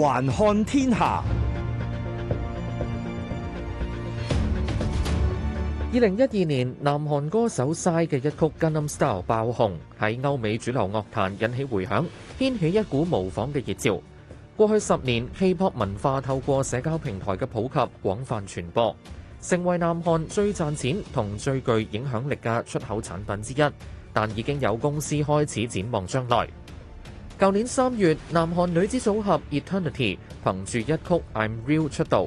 環看天下。二零一二年，南韓歌手 PSY 嘅一曲《Gangnam Style》爆紅，喺歐美主流樂壇引起回響，掀起一股模仿嘅熱潮。過去十年，hiphop 文化透過社交平台嘅普及廣泛傳播，成為南韓最賺錢同最具影響力嘅出口產品之一。但已經有公司開始展望將來。舊年三月，南韓女子組合 Eternity 憑住一曲《I'm Real》出道。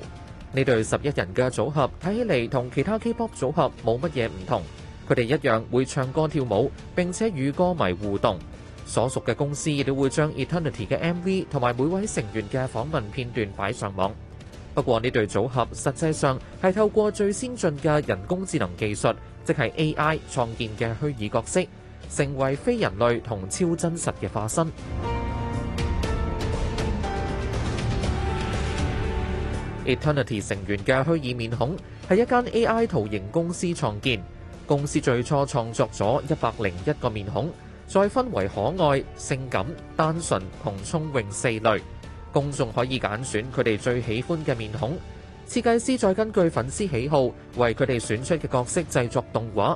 呢對十一人嘅組合睇起嚟同其他 K-pop 組合冇乜嘢唔同，佢哋一樣會唱歌跳舞，並且與歌迷互動。所屬嘅公司亦都會將 Eternity 嘅 MV 同埋每位成員嘅訪問片段擺上網。不過呢對組合實際上係透過最先進嘅人工智能技術，即係 AI 創建嘅虛擬角色。成為非人類同超真實嘅化身。Eternity 成員嘅虛擬面孔係一間 AI 圖形公司創建，公司最初創作咗一百零一個面孔，再分為可愛、性感、單純同聰穎四類。公眾可以揀選佢哋最喜歡嘅面孔，設計師再根據粉絲喜好為佢哋選出嘅角色製作動畫。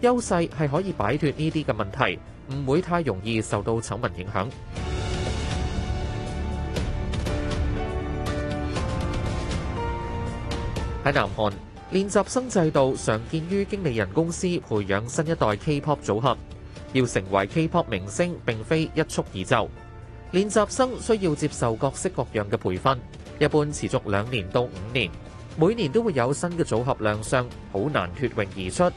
優勢係可以擺脫呢啲嘅問題，唔會太容易受到醜聞影響。喺南韓，練習生制度常見於經理人公司培養新一代 K-pop 組合。要成為 K-pop 明星，並非一蹴而就。練習生需要接受各式各樣嘅培訓，一般持續兩年到五年。每年都會有新嘅組合亮相，好難脫穎而出。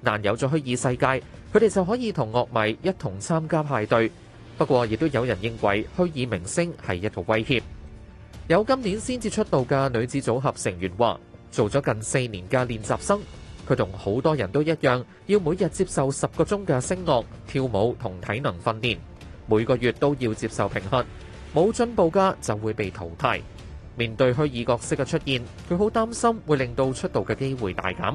難有咗虛擬世界，佢哋就可以同樂迷一同參加派對。不過，亦都有人認為虛擬明星係一個威脅。有今年先至出道嘅女子組合成員話：做咗近四年嘅練習生，佢同好多人都一樣，要每日接受十個鐘嘅聲樂、跳舞同體能訓練，每個月都要接受評核，冇進步嘅就會被淘汰。面對虛擬角色嘅出現，佢好擔心會令到出道嘅機會大減。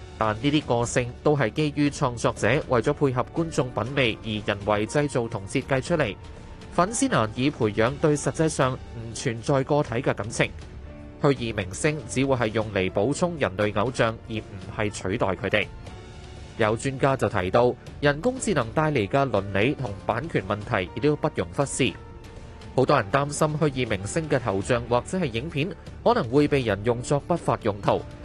但呢啲個性都係基於創作者為咗配合觀眾品味而人為製造同設計出嚟，粉絲難以培養對實際上唔存在個體嘅感情。虛擬明星只會係用嚟補充人類偶像，而唔係取代佢哋。有專家就提到，人工智能帶嚟嘅倫理同版權問題亦都不容忽視。好多人擔心虛擬明星嘅頭像或者係影片可能會被人用作不法用途